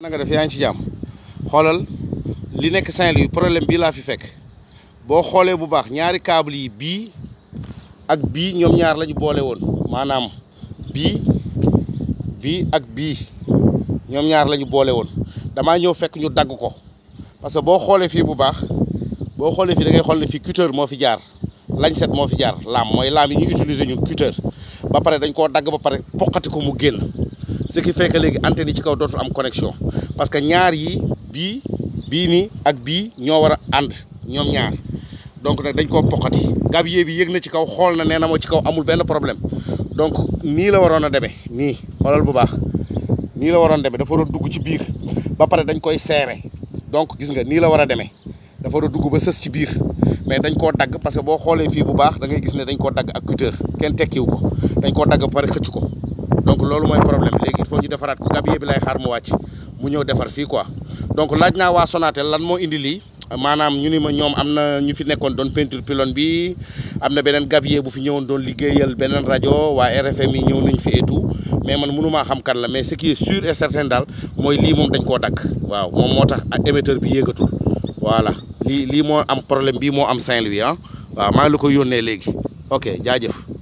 nanga def yaa ngi ci jàmm xoolal li nekk Saint-Louis problème bii laa fi fekk boo xoolee bu baax ñaari câble yi bii ak bii ñoom ñaar lañu boole woon maanaam bii bii ak bii ñoom ñaar lañu boole woon damaa ñëw fekk ñu dagg ko parce que boo xoolee fii bu baax boo xoolee fii da ngay xool ne fii cutter moo fi jaar lancette moo fi jaar laam mooy laam yi ñu utiliser ñun cutter ba pare dañ koo dagg ba pare poqati ko mu génn ce qui fait que léegi antenne ci kaw dootul am connexion parce que ñaar yi bii bii nii ak bii ñoo war a ànd ñoom ñaar donc nag dañ koo poqati gabier bi yéeg na ci kaw xool na nee na moo ci kaw amul benn problème donc nii la waroon a deme nii xoolal bu baax nii la waroon demee dafa waroon dugg ci biir ba pare dañ koy seere donc gis nga nii la war a demee dafa war a dugg ba sës ci biir mais dañ koo dagg parce que boo xoolee fii bu baax da gis ne dañ koo dagg ak cutter kenn tekkiwu ko dañ koo dagg ba pare xëcc ko donc loolu mooy problème léegi il faut ñu defaraat ko gabier bi lay xaar mu wàcc mu ñëw defar fii quoi donc laaj naa waa sonaateel lan moo indi lii maanaam ñu ni ma ñoom am na ñu fi nekkoon doon peinture pylône bi am na beneen gabier bu fi ñëwoon doon liggéeyal beneen rajo waa RFM yi ñëw nañ fi et tout mais man mënumaa xam kan la mais ce qui est sûr et certain daal mooy lii moom dañ koo dakk waaw moom moo tax ak émetteur bi yéegatul voilà lii lii moo am problème bii moo am Saint-Louis ah waaw maa yónnee léegi ok jaajëf